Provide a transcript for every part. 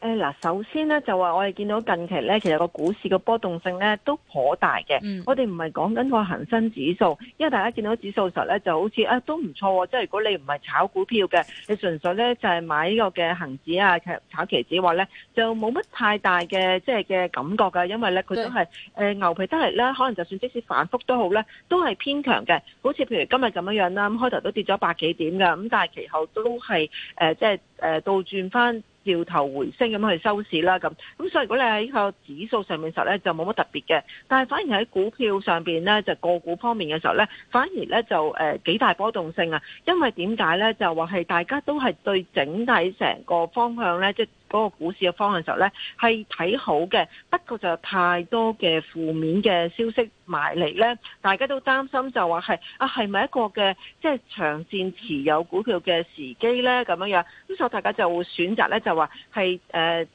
誒嗱，首先咧就話我哋見到近期咧，其實個股市嘅波動性咧都頗大嘅。Mm -hmm. 我哋唔係講緊個恒生指數，因為大家見到指數時候咧就好似啊都唔錯，哦。即係如果你唔係炒股票嘅，你純粹咧就係、是、買呢個嘅恒指啊，炒期指話咧，就冇乜太大嘅即係嘅感覺噶，因為咧佢都係誒牛皮得嚟咧。可能就算即使反復都好咧，都係偏強嘅。好似譬如今日咁樣樣啦，咁開頭都跌咗百幾點噶，咁但係其後都係誒即係誒倒轉翻。掉頭回升咁去收市啦，咁咁所以如果你喺個指數上面嘅時候咧就冇乜特別嘅，但係反而喺股票上邊咧就個股方面嘅時候咧反而咧就誒幾大波動性啊，因為點解咧就話係大家都係對整體成個方向咧即。 嗰個股市嘅方向時候咧，係睇好嘅，不過就有太多嘅負面嘅消息埋嚟咧，大家都擔心就話係啊，係咪一個嘅即係長線持有股票嘅時機咧咁樣樣？咁所以大家就會選擇咧就話係誒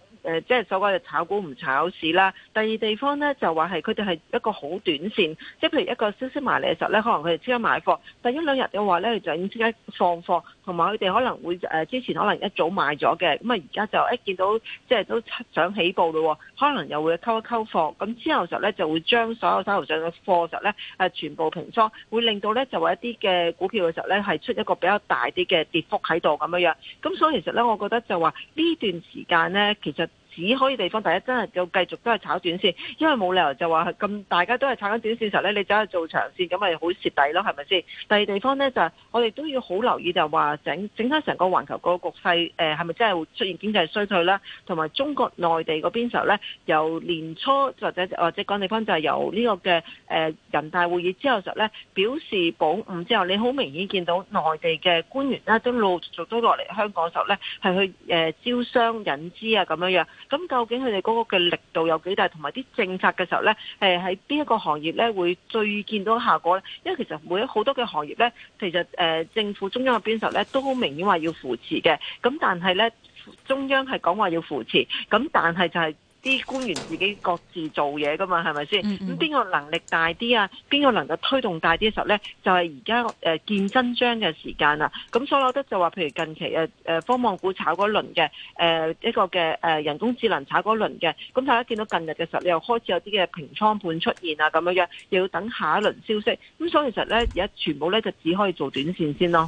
即係所謂嘅炒股唔炒市啦。第二地方咧就話係佢哋係一個好短線，即係譬如一個消息埋嚟嘅時候咧，可能佢哋即刻買貨，但一兩日嘅話咧就已經即刻放貨。同埋佢哋可能會誒之前可能一早買咗嘅，咁啊而家就一見到即係都想起步喎，可能又會溝一溝貨，咁之後實咧就會將所有手頭上嘅貨實咧誒全部平倉，會令到咧就話一啲嘅股票嘅時候咧係出一個比較大啲嘅跌幅喺度咁樣樣，咁所以其實咧，我覺得就話呢段時間咧，其實。只可以地方第一，真係要繼續都係炒短線，因為冇理由就話咁大家都係炒緊短線時候咧，你走去做長線咁咪好蝕底咯，係咪先？第二地方呢，就係我哋都要好留意就，就係話整整體成個環球個局勢，誒係咪真係會出現經濟衰退啦。同埋中國內地嗰邊時候呢，由年初或者或者講地方就係由呢個嘅誒、呃、人大會議之後時候呢，表示保五之後，你好明顯見到內地嘅官員呢，都陸續都落嚟香港時候呢，係去誒、呃、招商引資啊咁樣樣。咁究竟佢哋嗰個嘅力度有幾大，同埋啲政策嘅時候呢，誒喺邊一個行業呢會最見到效果呢？因為其實每一好多嘅行業呢，其實誒、呃、政府中央嘅邊時候呢都好明顯話要扶持嘅，咁但係呢中央係講話要扶持，咁但係就係、是。啲官員自己各自做嘢㗎嘛，係咪先？咁邊個能力大啲啊？邊個能夠推動大啲嘅時候呢？就係而家誒見真章嘅時間啦。咁所以，我覺得就話譬如近期誒誒科網股炒嗰輪嘅誒、呃、一個嘅誒、呃、人工智能炒嗰輪嘅，咁大家見到近日嘅時候，你又開始有啲嘅平倉盤出現啊，咁樣樣又要等下一輪消息。咁所以其實呢，而家全部呢，就只可以做短線先咯。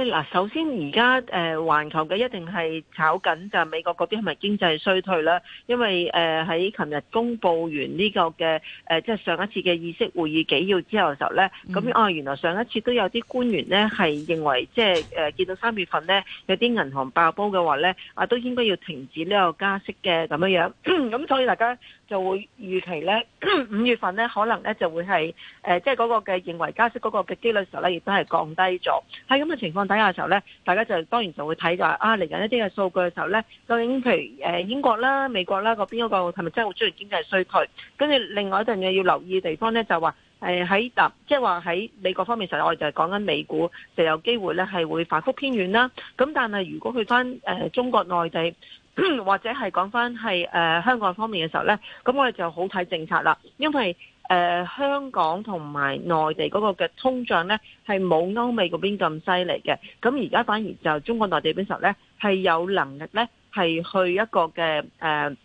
嗱，首先而家誒，環球嘅一定係炒緊就美國嗰邊係咪經濟衰退啦？因為誒喺琴日公布完呢、這個嘅誒，即、就、係、是、上一次嘅議息會議紀要之後嘅時候咧，咁、嗯、啊原來上一次都有啲官員咧係認為，即係誒見到三月份咧有啲銀行爆煲嘅話咧，啊都應該要停止呢個加息嘅咁樣樣，咁 所以大家，就會預期咧，五 月份咧可能咧就會係誒，即係嗰個嘅認為加息嗰個嘅機率的時候咧，亦都係降低咗。喺咁嘅情況底下嘅時候咧，大家就當然就會睇就話啊，嚟緊一啲嘅數據嘅時候咧，究竟譬如誒英國啦、美國啦嗰邊嗰個係咪真係好鍾意經濟衰退？跟住另外一陣嘢要留意嘅地方咧，就話誒喺即係話喺美國方面，時候，我哋就係講緊美股，就有機會咧係會反覆偏軟啦。咁但係如果去翻誒中國內地。或者係講返係誒香港方面嘅時候呢，咁我哋就好睇政策啦，因為誒香港同埋內地嗰個嘅通脹呢係冇歐美嗰邊咁犀利嘅，咁而家反而就中國內地嗰邊時候呢係有能力呢係去一個嘅誒。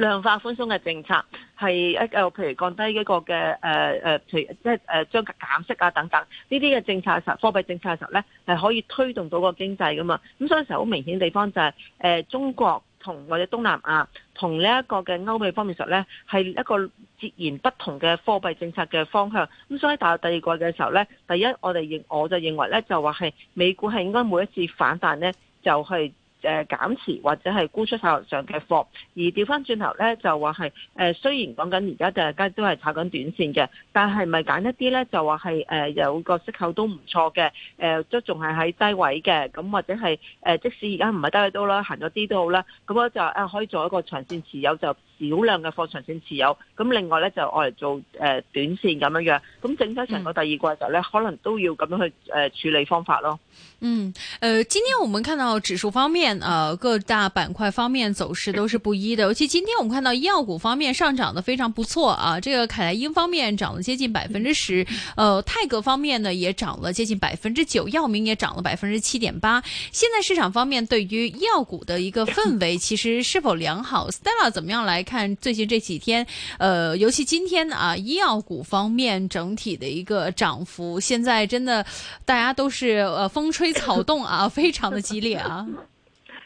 量化寬鬆嘅政策，係一個譬如降低一個嘅譬如，即係誒將減息啊等等呢啲嘅政策實，貨幣政策嘅時候咧，係可以推動到個經濟噶嘛。咁所以時候好明顯地方就係、是、誒、呃、中國同或者東南亞同呢一個嘅歐美方面實咧係一個截然不同嘅貨幣政策嘅方向，咁所以踏入第二季嘅時候咧，第一我哋認我就認為咧就話係美股係應該每一次反彈咧就係。誒，減持或者係沽出手上嘅貨，而調翻轉頭咧就話係誒，雖然講緊而家大家都係炒緊短線嘅，但係咪揀一啲咧就話係誒，有個息口都唔錯嘅，誒都仲係喺低位嘅，咁或者係誒，即使而家唔係低位都好啦，行咗啲都好啦，咁我就可以做一個長線持有就。少量嘅貨場線持有，咁另外呢，就我嚟做誒短線咁樣樣，咁整體成個第二季就呢，可能都要咁樣去誒處理方法咯。嗯，呃，今天我們看到指數方面，呃，各大板塊方面走勢都是不一的。尤其今天我們看到醫藥股方面上漲得非常不錯啊，這個凱萊英方面漲了接近百分之十，呃，泰格方面呢也漲了接近百分之九，藥明也漲了百分之七點八。現在市場方面對於醫藥股的一個氛圍，其實是否良好？Stella，怎麼樣來看？看最近這幾天，呃，尤其今天啊，醫藥股方面整體的一個漲幅，現在真的大家都是、啊、風吹草動啊， 非常的激烈啊。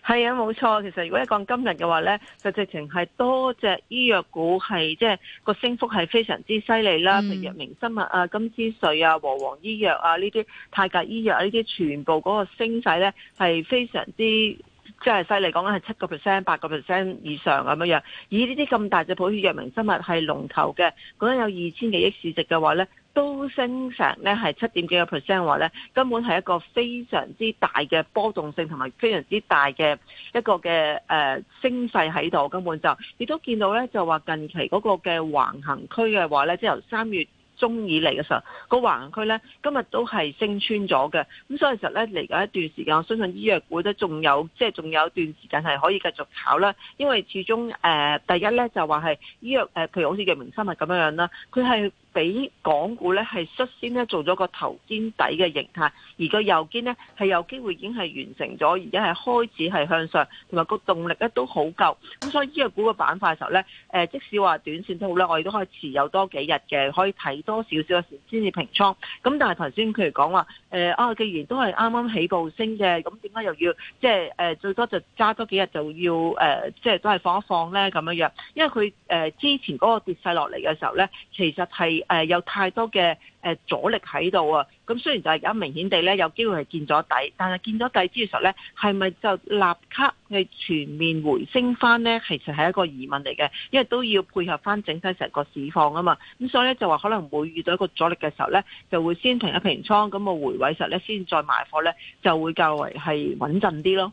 係啊，冇錯，其實如果一講今日嘅話咧，就直情係多隻醫藥股係，即、就、係、是這個升幅係非常之犀利啦，譬、嗯、如明生物啊、金斯瑞啊、和黃醫藥啊呢啲泰格醫藥呢、啊、啲，這些全部嗰個升勢咧係非常之。即係犀利講緊係七個 percent、八個 percent 以上咁樣樣，以呢啲咁大隻普血藥明生物係龍頭嘅，講緊有二千幾億市值嘅話咧，都升成咧係七點幾個 percent 話咧，根本係一個非常之大嘅波動性同埋非常之大嘅一個嘅誒升勢喺度，根本就亦都見到咧，就話近期嗰個嘅橫行區嘅話咧，即係由三月。中以嚟嘅時候，那個橫區咧今日都係升穿咗嘅，咁所以其實咧嚟緊一段時間，我相信醫藥股都仲有，即係仲有一段時間係可以繼續炒啦，因為始終誒、呃、第一咧就話係醫藥誒、呃，譬如好似藥明生物咁樣樣啦，佢係。俾港股咧係率先咧做咗個頭肩底嘅形態，而個右肩呢係有機會已經係完成咗，而家係開始係向上，同埋個動力咧都好夠。咁所以呢個股嘅板塊嘅時候咧，誒即使話短線都好啦，我哋都可以持有多幾日嘅，可以睇多少少嘅時先至平倉。咁但係頭先佢哋講話誒啊，既然都係啱啱起步升嘅，咁點解又要即係誒最多就揸多幾日就要誒即係都係放一放咧咁樣樣？因為佢誒之前嗰個跌勢落嚟嘅時候咧，其實係。誒、呃、有太多嘅誒、呃、阻力喺度啊！咁雖然就係而家明顯地咧有機會係見咗底，但係見咗底之時咧，係咪就立刻係全面回升翻咧？其實係一個疑問嚟嘅，因為都要配合翻整體成個市況啊嘛。咁所以咧就話可能會遇到一個阻力嘅時候咧，就會先平一平倉，咁啊回位時候咧先再買貨咧，就會較為係穩陣啲咯。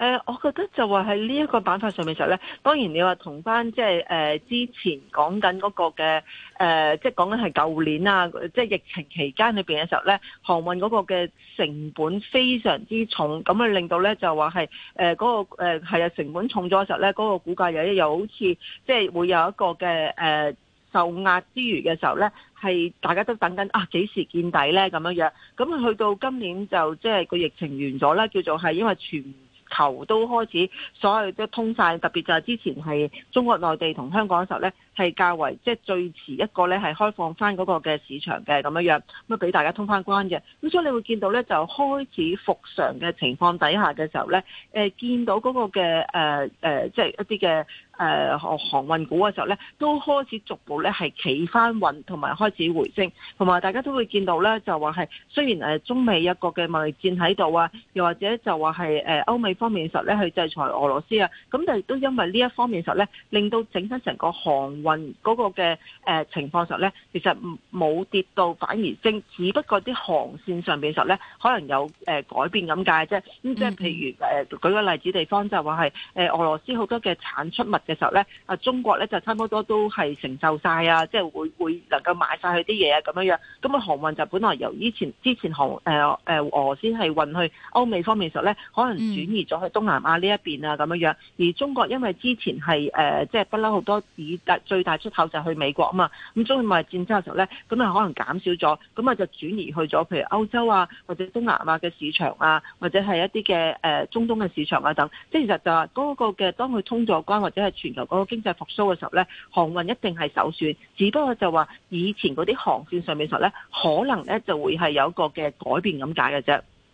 誒，我覺得就話係呢一個板塊上面嘅時候咧，當然你話同返即係誒之前講緊嗰個嘅誒，即係講緊係舊年啊，即係疫情期間裏邊嘅時候咧，航運嗰個嘅成本非常之重，咁啊令到咧就話係誒嗰個誒係啊成本重咗嘅時候咧，嗰個股價又又好似即係會有一個嘅誒受壓之餘嘅時候咧，係大家都等緊啊幾時見底咧咁樣樣，咁去到今年就即係個疫情完咗啦，叫做係因為全球都開始所有都通晒，特別就係之前係中國內地同香港嘅時候呢，係較為即係、就是、最遲一個呢係開放翻嗰個嘅市場嘅咁樣樣，咁啊俾大家通翻關嘅。咁所以你會見到呢，就開始復常嘅情況底下嘅時候呢，誒見到嗰個嘅誒誒，即、呃、係、呃就是、一啲嘅。誒、呃、航運股嘅時候咧，都開始逐步咧係企翻穩，同埋開始回升，同埋大家都會見到咧，就話係雖然中美一個嘅貿易戰喺度啊，又或者就話係誒歐美方面實咧去制裁俄羅斯啊，咁但係都因為呢一方面實咧，令到整體成個航運嗰個嘅、呃、情況實咧，其實冇跌到，反而升，只不過啲航線上邊實咧，可能有改變咁解啫。咁即係譬如誒、呃、舉個例子地方就話係誒俄羅斯好多嘅產出物。嘅時候咧，啊中國咧就差唔多都係承受晒啊，即係會會能夠買晒佢啲嘢啊咁樣樣。咁啊航運就本來由以前之前航誒誒俄先係運去歐美方面嘅時候咧，可能轉移咗去東南亞呢一邊啊咁樣樣。而中國因為之前係誒即係不嬲好多以最大出口就係去美國啊嘛，咁中美貿易戰爭嘅時候咧，咁啊可能減少咗，咁啊就轉移去咗譬如歐洲啊或者東南亞嘅市場啊，或者係一啲嘅誒中東嘅市場啊等。即係其實就係嗰個嘅當佢通咗關或者係。全球嗰個經濟復甦嘅時候咧，航運一定係首選。只不過就話以前嗰啲航線上面時候咧，可能咧就會係有一個嘅改變咁解嘅啫。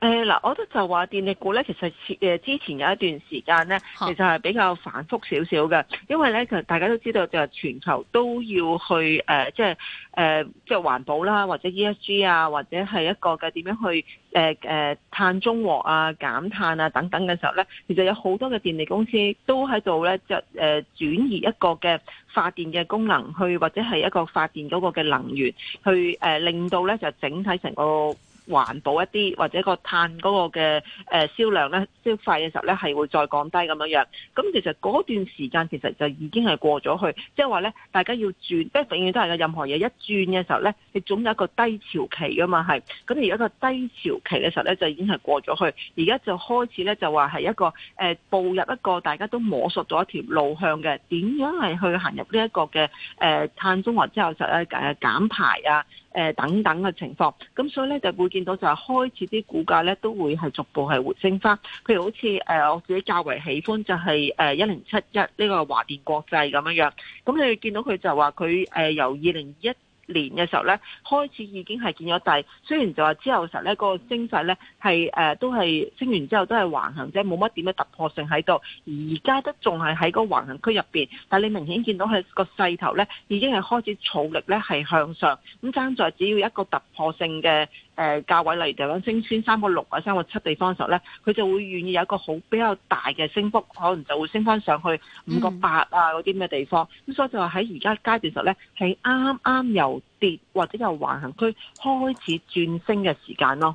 誒，嗱，我覺得就話電力股咧，其實誒之前有一段時間咧，其實係比較繁複少少嘅，因為咧，其實大家都知道就係全球都要去誒、呃，即係誒、呃，即係環保啦，或者 E S G 啊，或者係一個嘅點樣去誒碳、呃、中和啊、減碳啊等等嘅時候咧，其實有好多嘅電力公司都喺度咧，就、呃、誒轉移一個嘅發電嘅功能去，或者係一個發電嗰個嘅能源去誒、呃，令到咧就整體成個。環保一啲或者個碳嗰個嘅誒銷量咧消費嘅時候咧係會再降低咁樣樣，咁其實嗰段時間其實就已經係過咗去，即係話咧大家要轉，即係永遠都係有任何嘢一轉嘅時候咧，你總有一個低潮期㗎嘛係，咁而家個低潮期嘅時候咧就已經係過咗去，而家就開始咧就話係一個誒、呃、步入一個大家都摸索到一條路向嘅點樣係去行入呢一個嘅誒、呃、碳中和之後就咧、係、誒減排啊。誒，等等嘅情況，咁所以咧就會見到就係開始啲股價咧都會係逐步係回升翻。譬如好似誒我自己較為喜歡就係誒一零七一呢個華電國際咁樣樣。咁你見到佢就話佢誒由二零一。年嘅時候呢，開始已經係見咗底，雖然就話之後嘅時候呢，嗰、嗰個升勢呢係、呃、都係升完之後都係橫行，即冇乜點嘅突破性喺度。而家都仲係喺個橫行區入邊，但係你明顯見到佢個勢頭呢，已經係開始儲力呢，係向上，咁爭在只要一個突破性嘅。誒價位，例如就講升穿三個六啊、三個七地方嘅時候咧，佢就會願意有一個好比較大嘅升幅，可能就會升翻上去五個八啊嗰啲咩地方。咁、嗯、所以就話喺而家階段時候咧，係啱啱由跌或者由橫行區開始轉升嘅時間咯。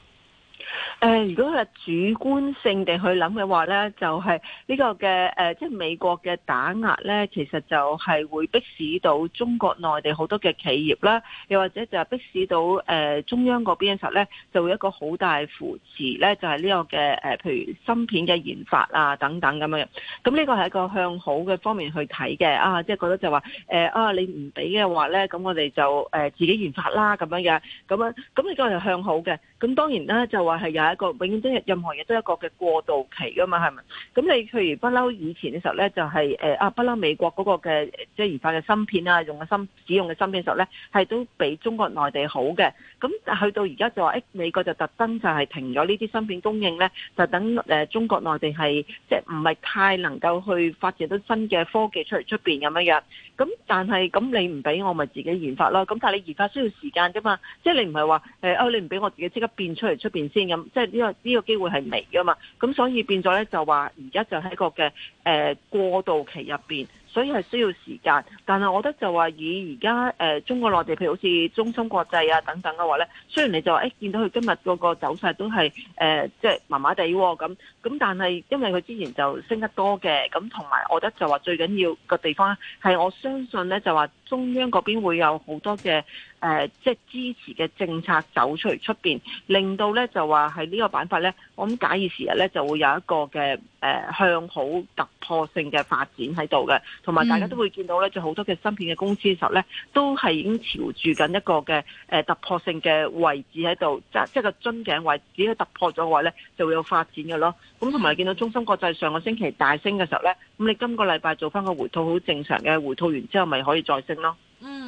誒、呃，如果係主觀性地去諗嘅話咧，就係、是、呢個嘅誒、呃，即係美國嘅打壓咧，其實就係會逼使到中國內地好多嘅企業啦，又或者就係逼使到誒、呃、中央嗰邊嘅時候咧，就會一個好大扶持咧，就係、是、呢個嘅誒、呃，譬如芯片嘅研發啊，等等咁樣。咁呢個係一個向好嘅方面去睇嘅啊，即係覺得就話誒、呃、啊，你唔俾嘅話咧，咁我哋就誒、呃、自己研發啦，咁樣嘅，咁樣咁呢個就向好嘅。咁當然啦，就話係。有一個永遠都任何嘢都係一個嘅過渡期噶嘛，係咪？咁你譬如不嬲以前嘅時候咧，就係、是、誒啊不嬲美國嗰個嘅即係研發嘅芯片啊，用嘅芯使用嘅芯片嘅時候咧，係都比中國內地好嘅。咁去到而家就話誒美國就特登就係停咗呢啲芯片供應咧，就等誒中國內地係即係唔係太能夠去發展到新嘅科技出嚟出邊咁樣樣。咁但係咁你唔俾我咪自己研發咯？咁但係你研發需要時間啫嘛，即、就、係、是、你唔係話誒哦你唔俾我自己即刻變出嚟出邊先。即係呢個呢、呢個機會係微噶嘛，咁所以變咗咧就話而家就喺個嘅誒、呃、過渡期入邊，所以係需要時間。但係我覺得就話以而家誒中國內地譬如好似中芯國際啊等等嘅話咧，雖然你就話誒見到佢今日嗰個走勢都係誒即係麻麻地喎咁，咁、呃就是哦、但係因為佢之前就升得多嘅，咁同埋我覺得就話最緊要個地方係我相信咧就話。中央嗰邊會有好多嘅、呃、即係支持嘅政策走出嚟出邊令到咧就話係呢個板塊咧，我諗假以時日咧就會有一個嘅、呃、向好突破性嘅發展喺度嘅，同埋大家都會見到咧，就好多嘅芯片嘅公司時候咧，都係已經朝住緊一個嘅、呃、突破性嘅位置喺度，即即係個樽頸位置，佢突破咗嘅話咧就會有發展嘅咯。咁同埋見到中芯國際上個星期大升嘅時候咧。咁你今個禮拜做翻個回吐好正常嘅，回吐完之後咪可以再升咯。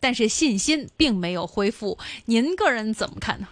但係信心並沒有恢復，您個人怎麼看呢？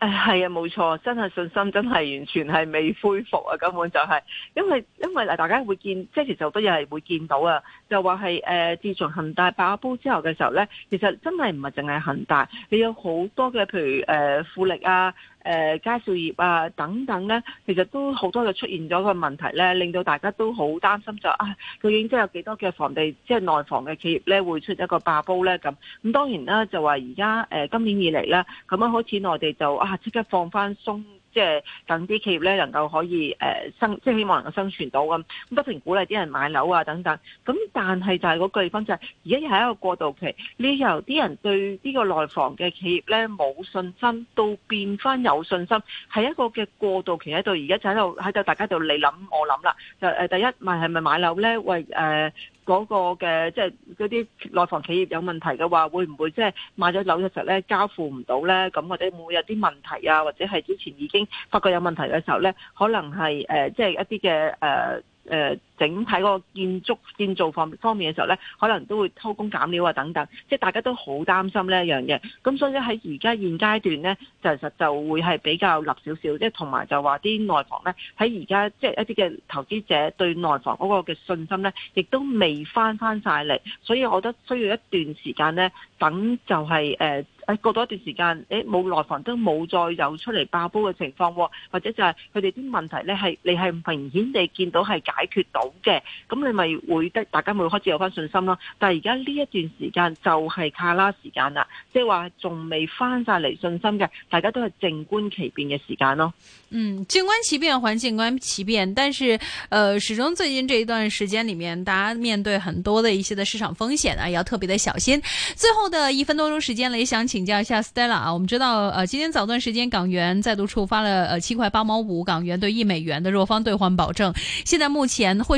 誒、哎，係啊，冇錯，真係信心真係完全係未恢復啊！根本就係、是，因為因為嗱，大家會見，即係其實好多嘢係會見到啊，就話係誒，自從恒大爆煲之後嘅時候呢，其實真係唔係淨係恒大，你有好多嘅，譬如誒、呃、富力啊。誒、佳兆業啊等等呢，其實都好多就出現咗個問題呢，令到大家都好擔心就啊，究竟即係有幾多嘅房地即係、就是、內房嘅企業呢，會出一個爆煲呢？咁？咁當然啦，就話而家誒今年以嚟呢，咁樣開始內地就啊即刻放翻鬆。即係等啲企業咧能夠可以誒生，即係希望能夠生存到咁。不停鼓勵啲人買樓啊等等。咁但係就係嗰句話就係而家係一個過渡期。你由啲人對呢個內房嘅企業咧冇信心，到變翻有信心，係一個嘅過渡期喺度。而家就喺度喺度，大家就你諗我諗啦。就誒第一，咪係咪買樓咧？喂誒。呃嗰個嘅即係嗰啲內房企業有問題嘅話，會唔會即係買咗樓嘅時候咧交付唔到咧？咁或者會唔會有啲問題啊，或者係之前已經發覺有問題嘅時候咧，可能係誒即係一啲嘅誒誒。呃呃整體嗰個建築建造方方面嘅時候咧，可能都會偷工減料啊等等，即係大家都好擔心呢一樣嘢。咁所以喺而家現階段咧，就其實就會係比較立少少，即係同埋就話啲內房咧喺而家即係一啲嘅投資者對內房嗰個嘅信心咧，亦都未翻翻晒嚟。所以我覺得需要一段時間咧，等就係誒誒過咗一段時間，誒冇內房都冇再有出嚟爆煲嘅情況，或者就係佢哋啲問題咧係你係明顯地見到係解決到。嘅，咁你咪會得，大家咪開始有翻信心咯。但係而家呢一段時間就係卡拉時間啦，即係話仲未翻晒嚟信心嘅，大家都係靜觀其變嘅時間咯。嗯，靜觀其變還靜觀其變，但是，誒、呃，始終最近這一段時間裏面，大家面對很多的一些的市場風險啊，也要特別的小心。最後的一分多鐘時間啦，也想請教一下 Stella 啊，我們知道，誒、呃，今天早段時間港元再度觸發了，誒、呃，七塊八毛五港元對一美元的弱方兌換保證，現在目前會。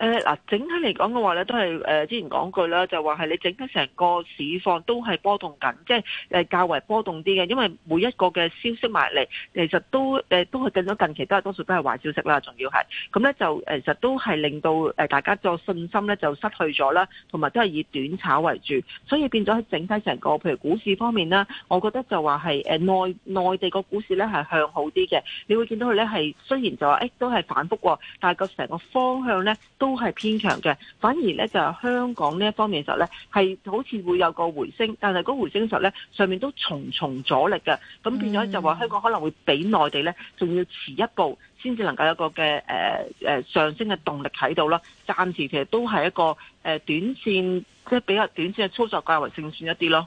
誒嗱，整體嚟講嘅話咧，都係誒之前講句啦，就話係你整體成個市況都係波動緊，即係誒較為波動啲嘅，因為每一個嘅消息埋嚟，其實都誒都係近咗近期都係多數都係壞消息啦，仲要係咁咧就誒，其實都係令到誒大家個信心咧就失去咗啦，同埋都係以短炒為主，所以變咗整體成個譬如股市方面啦，我覺得就話係誒內內地個股市咧係向好啲嘅，你會見到佢咧係雖然就話誒、哎、都係反覆，但係個成個方向咧都。都係偏強嘅，反而咧就係香港呢一方面嘅時候咧，係好似會有個回升，但係嗰回升時候咧，上面都重重阻力嘅，咁變咗就話香港可能會比內地咧仲要遲一步才一，先至能夠有個嘅誒誒上升嘅動力睇到咯。暫時其實都係一個誒短線，即係比較短線嘅操作較為，勝算一啲咯。